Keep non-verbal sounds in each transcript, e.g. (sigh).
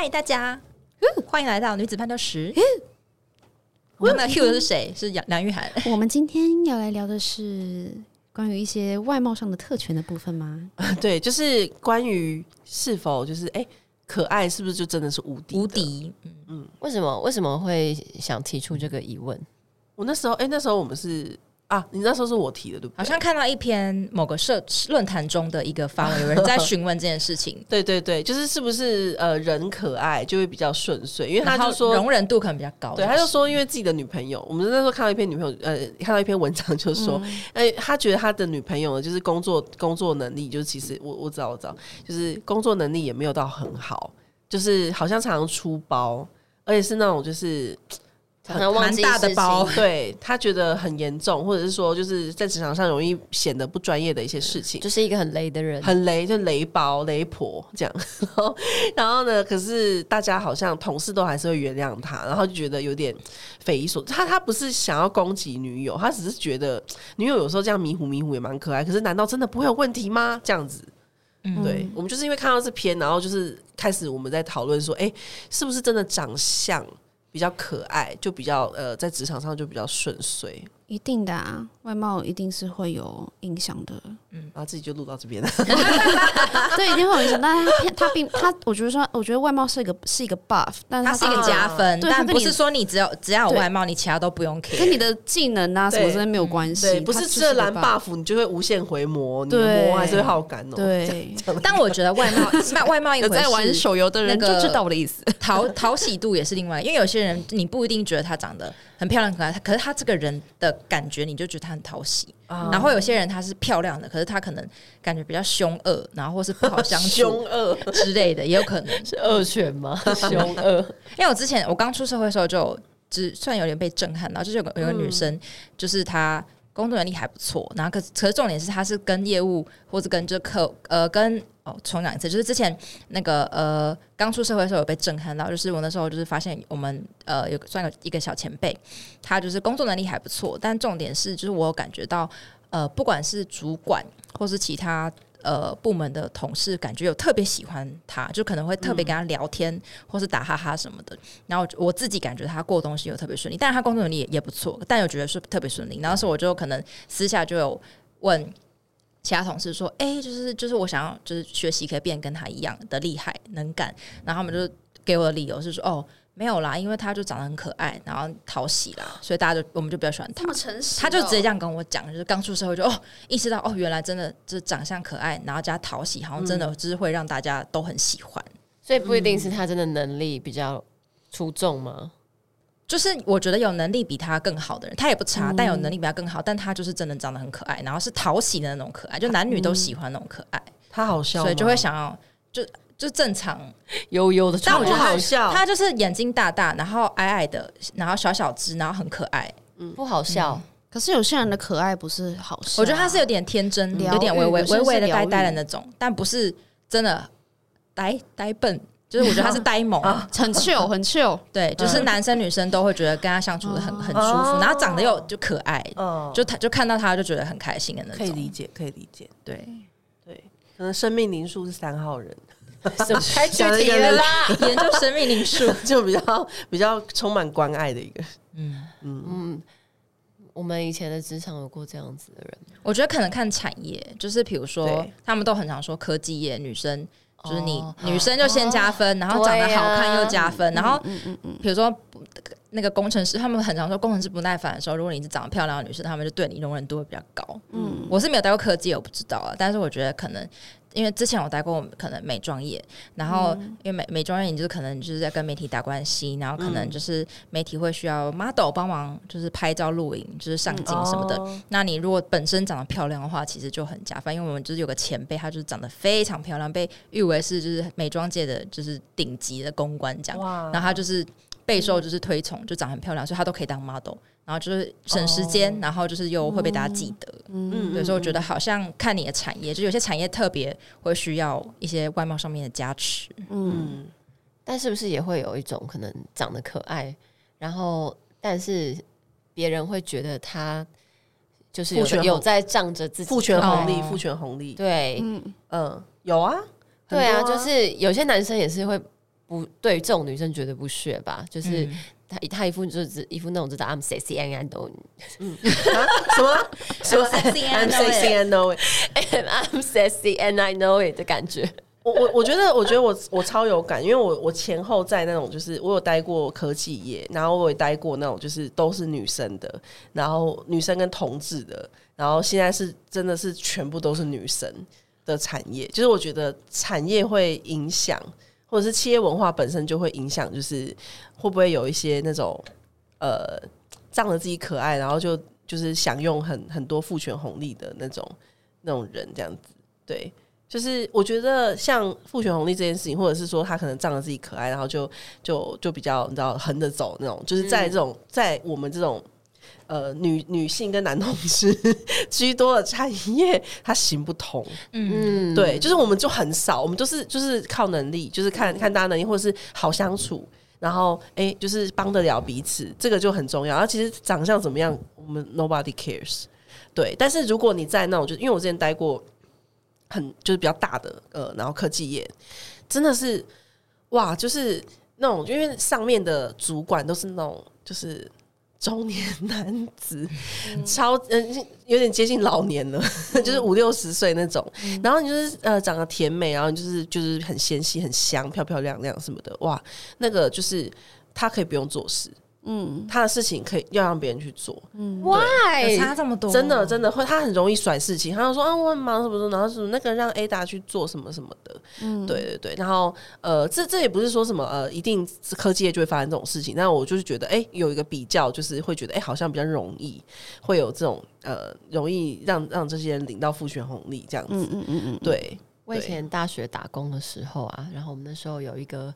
嗨，大家歡迎來到女子判斷十。欸、我們的 Q 是誰？是楊楊玉涵。 (laughs) 我們今天要來聊的是關於一些外貌上的特權的部分嗎？對，就是關於是否就是哎、欸，可愛是不是就真的是無敵無敵？嗯嗯，為什麼為什麼會想提出這個疑問？我那時候哎、欸，那時候我們是。啊，你那時候是我提的，對不對？好像看到一篇某個社論壇中的一個發文，有人在詢問這件事情。 (laughs) 對對對，就是是不是呃人可愛就會比較順遂，因為他就說容忍度可能比較高。對，他就說因為自己的女朋友，嗯、我們那時候看到一篇女朋友呃看到一篇文章，就說哎，嗯、他覺得他的女朋友呢就是工作工作能力，就是其實我我知道我知道，就是工作能力也沒有到很好，就是好像常常出包，而且是那種就是。很，很，很大的包，對，他覺得很嚴重，或者是說，就是在職場上容易顯得不專業的一些事情，就是一個很雷的人，很雷，就雷包雷婆這樣然後。然後呢，可是大家好像同事都還是會原諒他，然後就覺得有點匪夷所思。他他不是想要攻擊女友，他只是覺得女友有時候這樣迷糊迷糊也蠻可愛。可是難道真的不會有問題嗎？這樣子，對，嗯、我們就是因為看到這篇，然後就是開始我們在討論說，哎、欸，是不是真的長相？比較可愛，就比較呃，在職場上就比較順遂。一定的啊，外貌一定是會有影響的。嗯，把自己就錄到這邊。對，一定會有影響。但他他並他，我覺得說，我覺得外貌是一個是一個 buff，但是它是一個加分，但不是說你只要只要有外貌，你其他都不用 care。跟你的技能啊什麼真的沒有關係。對，不是這藍 buff，你就會無限回魔，你魔還是會好感哦。對。但我覺得外貌，外外貌，一個在玩手遊的人，就知道我的意思。討討喜度也是另外，因為有些人你不一定覺得他長得。很漂亮，很可愛，可是他這個人的感覺，你就覺得他很討喜。Oh. 然後有些人她是漂亮的，可是她可能感覺比較凶惡，然後或是不好相處， (laughs) 凶惡惡之類的，也有可能 (laughs) 是惡犬嗎？凶惡。因為我之前我剛出社會的時候就，就只算有點被震撼。然後就是有一個、嗯、有一個女生，就是她工作能力還不錯，然後可是可是重點是她是跟業務或者跟這客呃跟。重講一次，就是之前那個呃，剛出社會的時候有被震撼到，就是我那時候就是發現我們呃，有算有一個小前輩，他就是工作能力還不錯，但重點是就是我感覺到呃，不管是主管或是其他呃部門的同事，感覺有特別喜歡他，就可能會特別跟他聊天、嗯、或是打哈哈什麼的。然後我自己感覺他過的東西又特別順利，但是他工作能力也，也不錯，但我覺得是特別順利。然後是我就可能私下就有問，其他同事說：“誒、欸，就是就是，我想要就是學習，可以變跟他一樣的厲害能幹。”然後他們就給我的理由是說：“哦，沒有啦，因為他就長得很可愛，然後討喜啦，所以大家就我們就比較喜歡他。哦”那麼誠實，他就直接這樣跟我講，就是剛出社會就哦意識到哦，原來真的就是長相可愛，然後加討喜，好像真的就是會讓大家都很喜歡。嗯、所以不一定是他真的能力比較出眾嗎？就是我覺得有能力比他更好的人，他也不差，嗯、但有能力比他更好，但他就是真的長得很可愛，然後是討喜的那種可愛，就男女都喜歡那種可愛。嗯、他好笑，所以就會想要就就正常悠悠的，但我覺得好笑。他就是眼睛大大，然後矮矮的，然後小小隻，然後很可愛。嗯，不好笑。嗯、可是有些人的可愛不是好笑、啊，我覺得他是有點天真，嗯、有點微微微微的呆呆的那種，但不是真的呆呆笨。就是我覺得他是呆萌，很 cute，很 cute，對，就是男生女生都會覺得跟他相處的很很舒服，然後長得又就可愛，就他就看到他就覺得很開心的那種，可以理解，可以理解，對對，可能生命靈數是三號人，開具體了啦。研究生命靈數就比較比較充滿關愛的一個，嗯嗯嗯，我們以前的職場有過這樣子的人，我覺得可能看產業，就是比如說他們都很常說科技業女生。就是你女生就先加分，然後長得好看又加分，然後比如說那個工程師，他們很常說工程師不耐煩的時候，如果你是長得漂亮的女士，他們就對你容忍度會比較高。嗯，我是沒有待過科技，我不知道啊，但是我覺得可能。因為之前我待過，可能美妝業，然後因為美美妝業，你就是可能就是在跟媒體打關係，然後可能就是媒體會需要 model 幫忙，就是拍照、錄影、就是上鏡什麼的。嗯哦、那你如果本身長得漂亮的話，其實就很加分。因為我們就是有個前輩，他就是長得非常漂亮，被譽為是就是美妝界的就是頂級的公關獎，哇然後他就是。備受就是推崇，就長很漂亮，所以她都可以當 model。然後就是省時間，然後就是又會被大家記得。嗯，有時候覺得好像看你的產業，就有些產業特別會需要一些外貌上面的加持。嗯，但是不是也會有一種可能長得可愛，然後但是別人會覺得他就是有在仗着自己父權紅利，父權紅利。對，嗯，有啊，對啊，就是有些男生也是會。不對，這種女生絕對不屑吧？就是她，她一副就是一副那種知道 I'm sexy and I know it，嗯，什麼什麼 I'm sexy and I know it，and I'm sexy and I know it 的感覺。我我我覺得，我覺得我我超有感，因為我我前後在那種就是我有待過科技業，然後我也待過那種就是都是女生的，然後女生跟同志的，然後現在是真的是全部都是女生的產業，就是我覺得產業會影響。或者是企業文化本身就會影響，就是會不會有一些那種呃仗着自己可愛，然後就就是享用很很多父權紅利的那種那種人，這樣子對，就是我覺得像父權紅利這件事情，或者是說他可能仗着自己可愛，然後就就就比較你知道橫着走那種，就是在這種、嗯、在我們這種。呃，女女性跟男同事居多的產業，它行不通。嗯，嗯，對，就是我們就很少，我們就是就是靠能力，就是看看大家能力，或者是好相處，然後哎、欸，就是幫得了彼此，這個就很重要。然後、啊、其實長相怎麼樣，我們 nobody cares。對，但是如果你在那種，就因為我之前待過很就是比較大的呃，然後科技業真的是哇，就是那種因為上面的主管都是那種就是。中年男子，嗯超嗯有點接近老年了，嗯、呵呵，就是五六十歲那種。嗯、然後你就是呃長得甜美，然後你就是就是很纖細、很香、漂漂亮亮什麼的。哇，那個就是他可以不用做事。嗯，他的事情可以要讓別人去做。嗯對，Why 差這麼多？真的，真的會他很容易甩事情。他就說啊，我很忙什麼什麼，然後什麼那個讓 A 大去做什麼什麼的。嗯，對對對。然後呃，這這也不是說什麼呃，一定科技業就會發生這種事情。但我就是覺得，哎、欸，有一個比較，就是會覺得，哎、欸，好像比較容易會有這種呃，容易讓讓這些人領到父權紅利這樣子。嗯嗯嗯嗯，對。我以前大學打工的時候啊，然後我們那時候有一個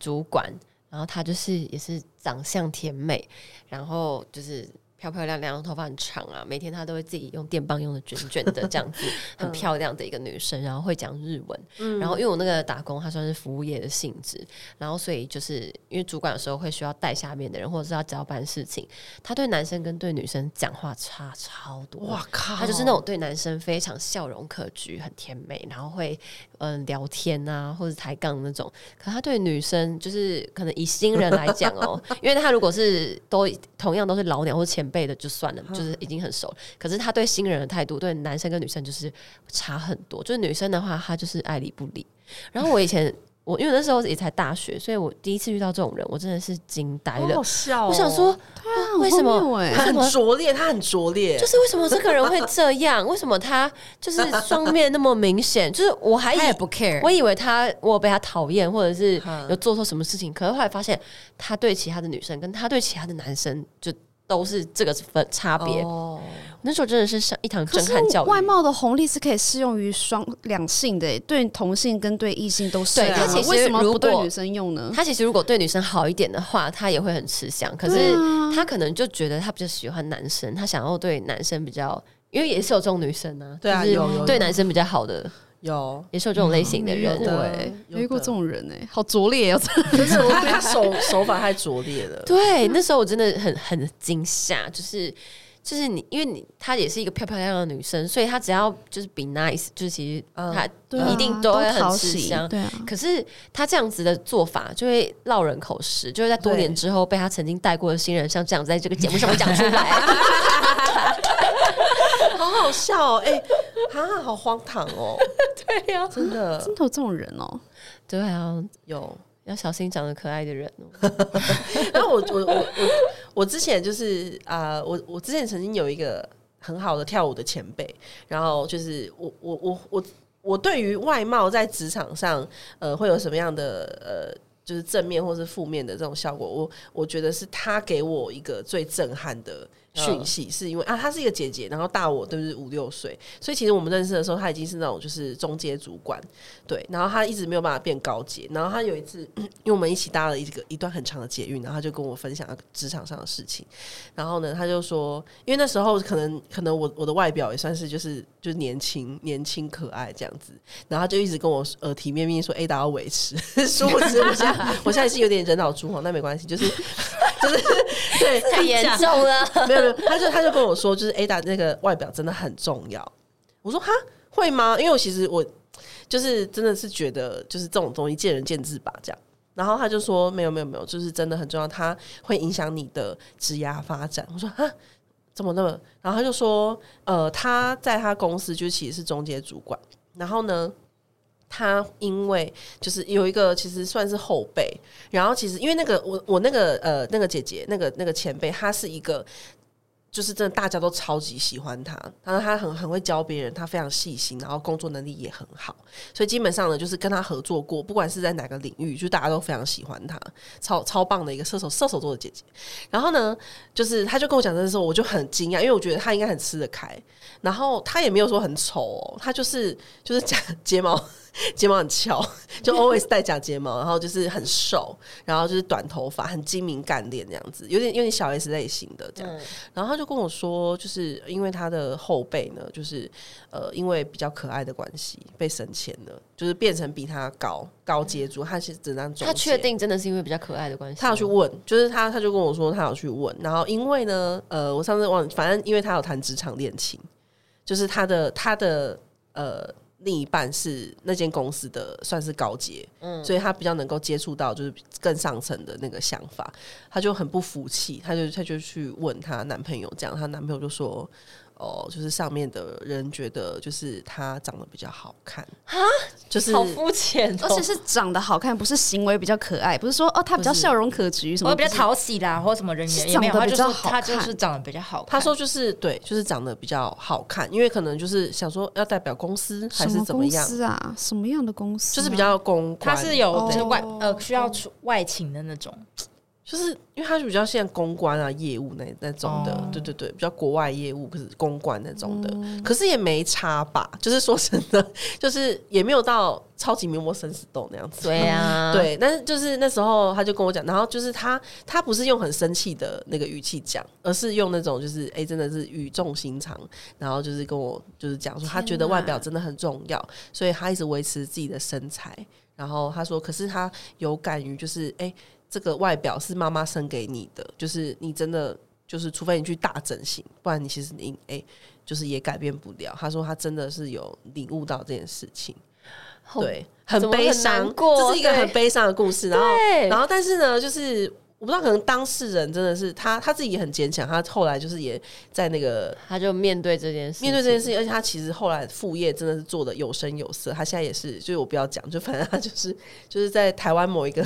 主管。然後他就是，也是長相甜美，然後就是。漂漂亮亮，頭髮很長啊！每天他都會自己用電棒用的捲捲的，這樣子 (laughs) 很漂亮的一個女生。嗯、然後會講日文，然後因為我那個打工，她算是服務業的性質，嗯、然後所以就是因為主管有時候會需要帶下面的人，或者是要交辦事情。他對男生跟對女生講話差超多，哇靠！他就是那種對男生非常笑容可掬、很甜美，然後會嗯聊天啊或者抬槓那種。可他對女生就是可能以新人來講哦， (laughs) 因為他如果是都同樣都是老鳥或前。前輩的就算了，就是已經很熟了。可是他對新人的態度，對男生跟女生就是差很多。就是女生的話，他就是愛理不理。然後我以前 (laughs) 我因為那時候也才大學，所以我第一次遇到這種人，我真的是驚呆了。喔、我想說，他為，為什麼他很拙劣？他很拙劣，就是為什麼這個人會這樣？為什麼他就是雙面那麼明顯？ (laughs) 就是我還也不 care，我以為他我被他討厭，或者是有做錯什麼事情。 (laughs) 可是後來發現，他對其他的女生，跟他對其他的男生就。都是這個分差別。哦、那時候真的是上一堂震撼教育。外貌的紅利是可以適用於雙兩性的，對同性跟對異性都是的。對他、啊、為什麼不對女生用呢？他其實如果對女生好一點的話，他也會很吃香。可是他可能就覺得他比較喜歡男生，啊、他想要對男生比較，因為也是有這種女生呢，啊，對、啊、是對男生比較好的。有有有有也是有這種類型的人，對、嗯，遇過，欸、遇過這種人呢、欸，好拙劣哦。真的， (laughs) 是我手手 (laughs) 法太拙劣了。對，那時候我真的很很驚嚇，就是就是你，因為你她也是一個漂漂亮亮的女生，所以她只要就是 be nice，就是其實她一定都會很吃香。嗯、對、啊，對啊、可是她這樣子的做法就會落人口實，就會在多年之後被她曾經帶過的新人像這樣在這個節目上面講出來，對 (laughs) (laughs) 好好笑哦、喔，哎、欸。啊，好荒唐喔！ (laughs) 對呀，真的，真的有這種人喔。對啊，有要小心長得可愛的人喔。 (laughs) 然後我我我我我之前就是啊，我我之前曾經有一個很好的跳舞的前輩，然後就是我我我我我對於外貌在職場上呃，會有什麼樣的呃就是正面或是負面的這種效果，我我覺得是他給我一個最震撼的。訊息是因為啊，她是一個姐姐，然後大我都是五六歲，所以其實我們認識的時候，她已經是那種就是中階主管，對。然後她一直沒有辦法變高階，然後她有一次，因為我們一起搭了一個一段很長的捷運，然後他就跟我分享職場上的事情。然後呢，他就說，因為那時候可能可能我我的外表也算是就是就是年輕年輕可愛這樣子，然後她就一直跟我呃提面命說：“哎、欸，大家要維持，說我現在 (laughs) 我現在是有點人老珠黃，但沒關係，就是。” (laughs) (laughs) 就是對，太嚴重了，沒有沒有，他就他就跟我說，就是 Ada 那個外表真的很重要。我說哈，會嗎？因為我其實我就是真的是覺得就是這種東西見仁見智吧，這樣。然後他就說沒有沒有沒有，就是真的很重要，它會影響你的職涯發展。我說哈，怎麼那麼？然後他就說呃他在他公司就其實是中階主管，然後呢。她因為就是有一個其實算是後輩，然後其實因為那個我我那個呃那個姐姐那個那個前輩，她是一個就是真的大家都超級喜歡她，然後她很很會教別人，她非常細心，然後工作能力也很好，所以基本上呢，就是跟她合作過，不管是在哪個領域，就大家都非常喜歡她，超超棒的一個射手射手座的姐姐。然後呢，就是她就跟我講的時候，我就很驚訝，因為我覺得她應該很吃得開，然後她也沒有說很醜哦，她就是就是假睫毛。睫毛很翹，就 always 戴假睫毛， (laughs) 然後就是很瘦，然後就是短頭髮，很精明幹練這樣子，有點有點小 S 類型的這樣。嗯、然後他就跟我說，就是因為他的後輩呢，就是呃，因為比較可愛的關係被升遷了，就是變成比他高高接住。嗯、他其實只能他確定真的是因為比較可愛的關係，他要去問，就是他他就跟我說他要去問，然後因為呢，呃，我上次忘，反正因為他有談職場戀情，就是他的他的呃。另一半是那間公司的，算是高階，嗯，所以他比較能夠接觸到，就是更上層的那個想法，他就很不服氣，他就他就去問他男朋友，這樣，她男朋友就說。哦，就是上面的人覺得，就是他長得比較好看啊，蛤就是好膚淺、哦，而且是長得好看，不是行為比較可愛，不是說哦他比較笑容可掬是什麼，比較討喜啦、啊，或什麼人緣也沒有，是好看，他就是他就是長得比較好看。他說就是對，就是長得比較好看，啊、因為可能就是想說要代表公司還是怎麼樣？什麼公司啊，什麼樣的公司、啊？就是比較公，他是有外、哦、對呃需要出外勤的那種。就是因為他是比較像公關啊業務那那種的，oh. 對對對，比較國外業務可是公關那種的。嗯、可是也沒差吧？就是說真的，就是也沒有到超級名模生死鬥那樣子。對呀、啊嗯，對，但是就是那時候他就跟我講，然後就是他他不是用很生氣的那個語氣講，而是用那種就是哎、欸、真的是語重心長，然後就是跟我就是講說他覺得外表真的很重要，啊、所以他一直維持自己的身材。然後他說，可是他有感於就是哎。欸這個外表是媽媽生給你的，就是你真的就是，除非你去大整形，不然你其實你哎、欸，就是也改變不了。他說他真的是有領悟到這件事情，哦、對，很悲傷，很啊、這是一個很悲傷的故事。對然後，然後，但是呢，就是。我不知道，可能當事人真的是他他自己也很堅強，他後來就是也在那個，他就面對這件事，面對這件事情，而且他其實後來副業真的是做得有聲有色，他現在也是，就是我不要講，就反正他就是就是在台灣某一個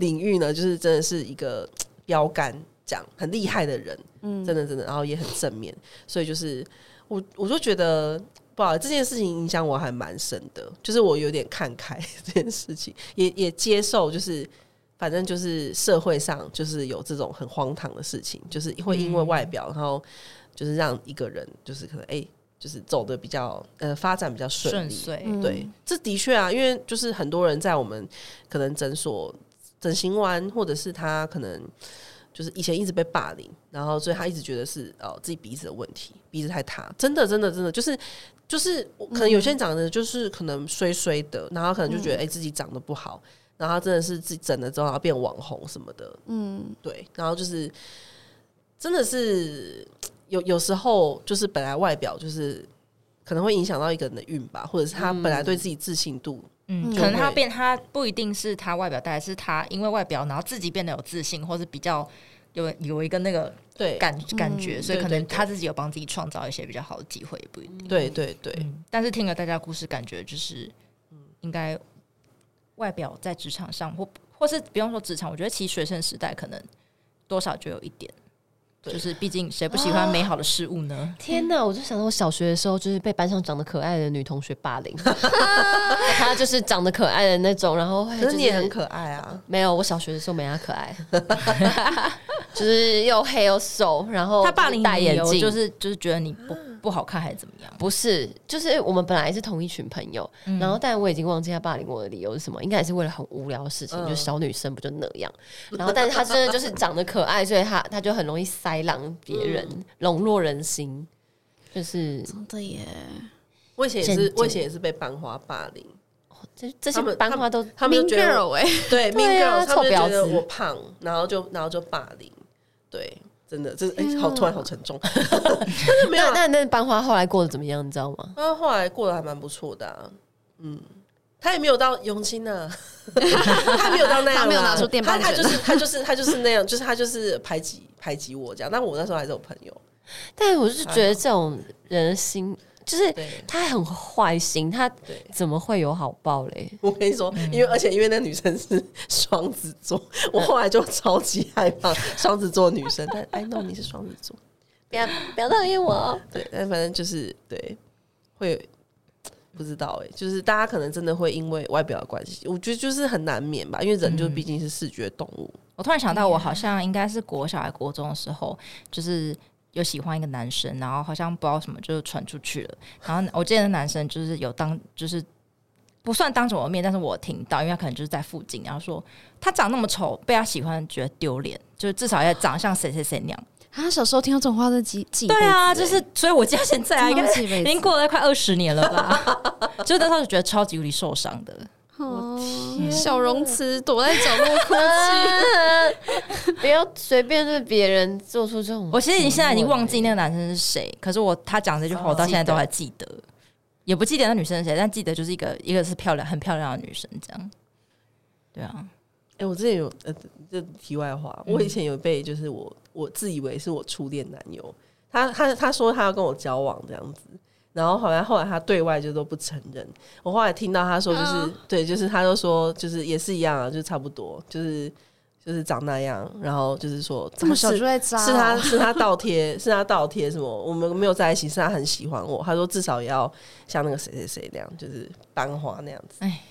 領域呢，就是真的是一個標杆，講很厲害的人，嗯，真的真的，然後也很正面，嗯、所以就是我我就覺得不好，這件事情影響我還蠻深的，就是我有點看開這件事情，也也接受，就是。反正就是社會上就是有這種很荒唐的事情，就是會因為外表，嗯、然後就是讓一個人就是可能哎，就是走的比較呃發展比較順利。順遂對，嗯、這的確啊，因為就是很多人在我們可能診所整形完，或者是他可能就是以前一直被霸凌，然後所以他一直覺得是哦、呃、自己鼻子的問題，鼻子太塌。真的，真的，真的就是就是、嗯、可能有些人長得就是可能衰衰的，然後可能就覺得、嗯、哎自己長得不好。然後真的是自己整了之後變網紅什麼的，嗯，對。然後就是，真的是有有時候，就是本來外表就是可能會影響到一個人的運吧，或者是他本來對自己自信度嗯，會嗯，可能他變他不一定是他外表，但是他因為外表，然後自己變得有自信，或是比較有有一個那個感對感、嗯、感覺，所以可能他自己有幫自己創造一些比較好的機會，嗯、也不一定。對對對、嗯，但是聽了大家故事，感覺就是，應該。外表在職場上，或或是不用說職場，我覺得其實學生時代可能多少就有一點，對就是畢竟誰不喜歡美好的事物呢、啊？天哪！我就想到我小學的時候，就是被班上長得可愛的女同學霸凌。 (laughs) 她就是長得可愛的那種，然後、就是、你也很可愛啊？沒有，我小學的時候沒她可愛。 (laughs) (laughs) 就是又黑又瘦，然後他霸凌你戴眼鏡，就是就是覺得你不不好看還是怎麼樣？不是，就是我們本來是同一群朋友，然後但我已經忘記他霸凌我的理由是什麼，應該也是為了很無聊的事情，就小女生不就那樣。然後但是他真的就是長得可愛，所以他他就很容易塞狼別人籠絡人心，就是真的耶。我以前也是，我以前也是被班花霸凌，這這些班花都他們覺得，對對啊，臭婊子我胖，然後就然後就霸凌。真的，真的，哎、啊，欸，好突然，好沉重。 (laughs) 但是沒有、啊 (laughs) 那，那那那班花後來過得怎麼樣？你知道嗎？他後來過得還蠻不錯的、啊、嗯，他也沒有到永清呢， (laughs) 他沒有到那樣、啊，他沒有拿出電棒捲。他、就是、他就是他就是他就是那樣， (laughs) 就是他就是排擠排擠我這樣。但我那時候還是有朋友，但我是覺得這種人心。哎就是他很壞心，對他怎麼會有好報嘞？我跟你說，因為而且因為那女生是雙子座，嗯、我後來就超級害怕雙子座女生。 (laughs) 但哎，I know，你是雙子座，不要不要討厭我。對，但反正就是對，會不知道哎、欸，就是大家可能真的會因為外表的關係，我覺得就是很難免吧，因為人就畢竟是視覺動物。嗯、我突然想到，我好像應該是國小還國中的時候，就是。有喜歡一個男生，然後好像不知道什麼就傳、是、出去了。然後我之前的男生就是有當，就是不算當着我的面，但是我聽到，因為他可能就是在附近，然後說他長那麼醜，被他喜歡覺得丟臉，就是至少要長得像誰誰誰那樣。啊，他小時候聽到這種話都幾幾對啊，就是所以我記得現在啊，應該已經過了快二十年了吧，所以當時覺得超級無敵受傷的。我天啊，小容詞躲在角落哭泣， (laughs) (laughs) 不要隨便對別人做出這種。我其實你現在已經忘記那個男生是誰，可是我他講這句話我到現在都還記得，也不記得那個女生是誰，但記得就是一個一個是漂亮很漂亮的女生這樣。對啊，哎、欸，我之前有呃，這題外話，我以前有被就是我我自以為是我初戀男友，他他他說他要跟我交往這樣子。然後好像後來他對外就都不承認。我後來聽到他說，就是、啊、對，就是他就說，就是也是一樣啊，就是差不多，就是就是長那樣。嗯、然後就是說，這麼小就在扎，是他是他倒貼，是他倒貼 (laughs) 什麼？我們沒有在一起，是他很喜歡我。他說至少也要像那個誰誰誰那樣，就是班花那樣子。哎，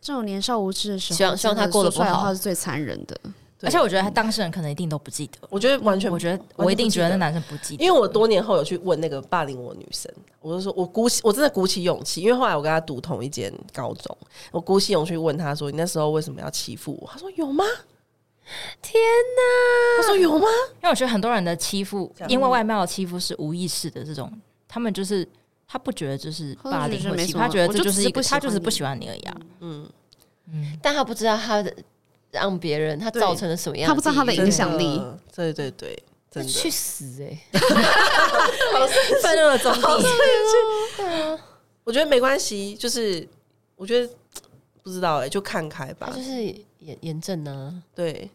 這種年少無知的時候，希望，希望他過得不好，說出來的話是最殘忍的。對，而且我覺得他當事人可能一定都不記得，我覺得完全，我覺得我一定覺得那男生不記得，因為我多年後有去問那個霸凌我的女生，我就說，我鼓起，我真的鼓起勇氣，因為後來我跟他讀同一間高中，我鼓起勇氣問他說，你那時候為什麼要欺負我？他說有嗎？天哪、啊！他說有嗎？因為我覺得很多人的欺負，因為外貌的欺負是無意識的，這種他們就是他不覺得就是霸凌或欺負，他覺得這就是一個他就是不喜歡你而已啊，嗯嗯，嗯嗯，但他不知道他的。讓別人他造成了什麼樣？他不知道他的影響力。對，對對對，去死哎！ (laughs) 好是憤怒的種子啊！我覺得沒關係，就是我覺得不知道哎、欸，就看開吧。就是炎炎症呢？啊、對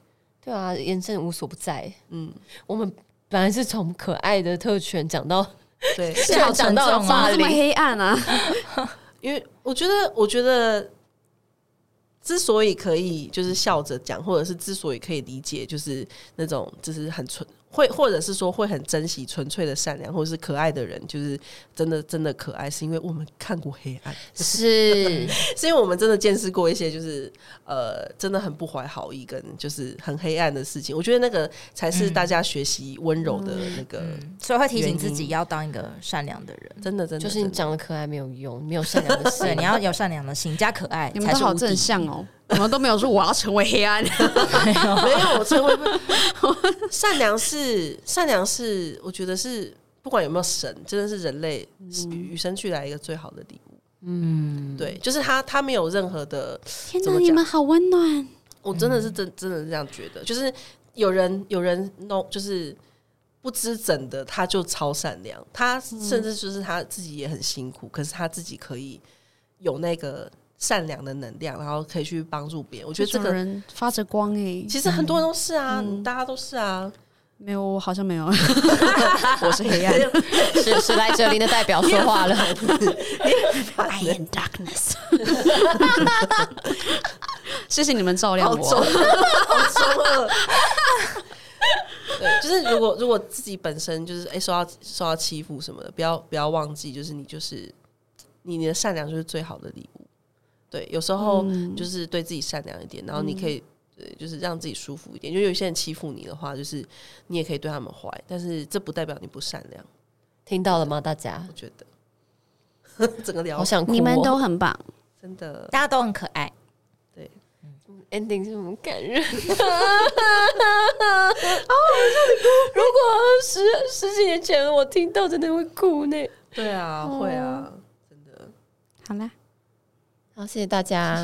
對啊，炎症無所不在。嗯，我們本來是從可愛的特權講到對，講到這 (laughs) 麼黑暗啊？ (laughs) 因為我覺得，我覺得。之所以可以就是笑着講，或者是之所以可以理解，就是那種就是很蠢。會，或者是說會很珍惜純粹的善良，或者是可愛的人，就是真的真的可愛，是因為我們看過黑暗，是， (laughs) 是因為我們真的見識過一些，就是呃，真的很不懷好意跟就是很黑暗的事情。我覺得那個才是大家學習溫柔的那個、嗯嗯嗯嗯，所以會提醒自己要當一個善良的人。原因。真的，真的，真的，就是你長得可愛沒有用，沒有善良的心， (laughs) 你要有善良的心加可愛才是，你們都好正向哦。我們都沒有說我要成為黑暗， (laughs) 沒，有啊、 (laughs) 沒有，沒有我成為不善良是善良是，我覺得是不管有沒有神，真的是人類與、嗯、生俱來一個最好的禮物。嗯，對，就是他，他沒有任何的。天吶哪，你們好溫暖！我真的是真真的，真的是這樣覺得，嗯、就是有人有人 no，就是不知怎的他就超善良，他甚至就是他自己也很辛苦，可是他自己可以有那個。善良的能量，然後可以去幫助別人。我覺得這個人發着光哎、欸，其實很多人都是啊，嗯、大家都是啊。沒有，我好像沒有。 (laughs) (laughs) 我是黑暗， (laughs) (laughs) 是是來這裡的代表說話了。 (laughs) (laughs) I am darkness。 (laughs) (laughs) 謝謝你們照亮我。好重了,好重了 (laughs) (laughs) 對，就是如果如果自己本身就是哎、欸、受到受到欺負什麼的，不要不要忘記，就是你就是你你的善良就是最好的禮物。對，有時候就是對自己善良一點，然後你可以對，就是讓自己舒服一點。因為有些人欺負你的話，就是你也可以對他們壞，但是這不代表你不善良。聽到了嗎，大家？我覺得整個聊天，你們都很棒，真的，大家都很可愛。對，ending 是這麼感人啊！好，如果十十幾年前我聽到，真的會哭呢。對啊，會啊，真的。好啦。好，謝謝大家。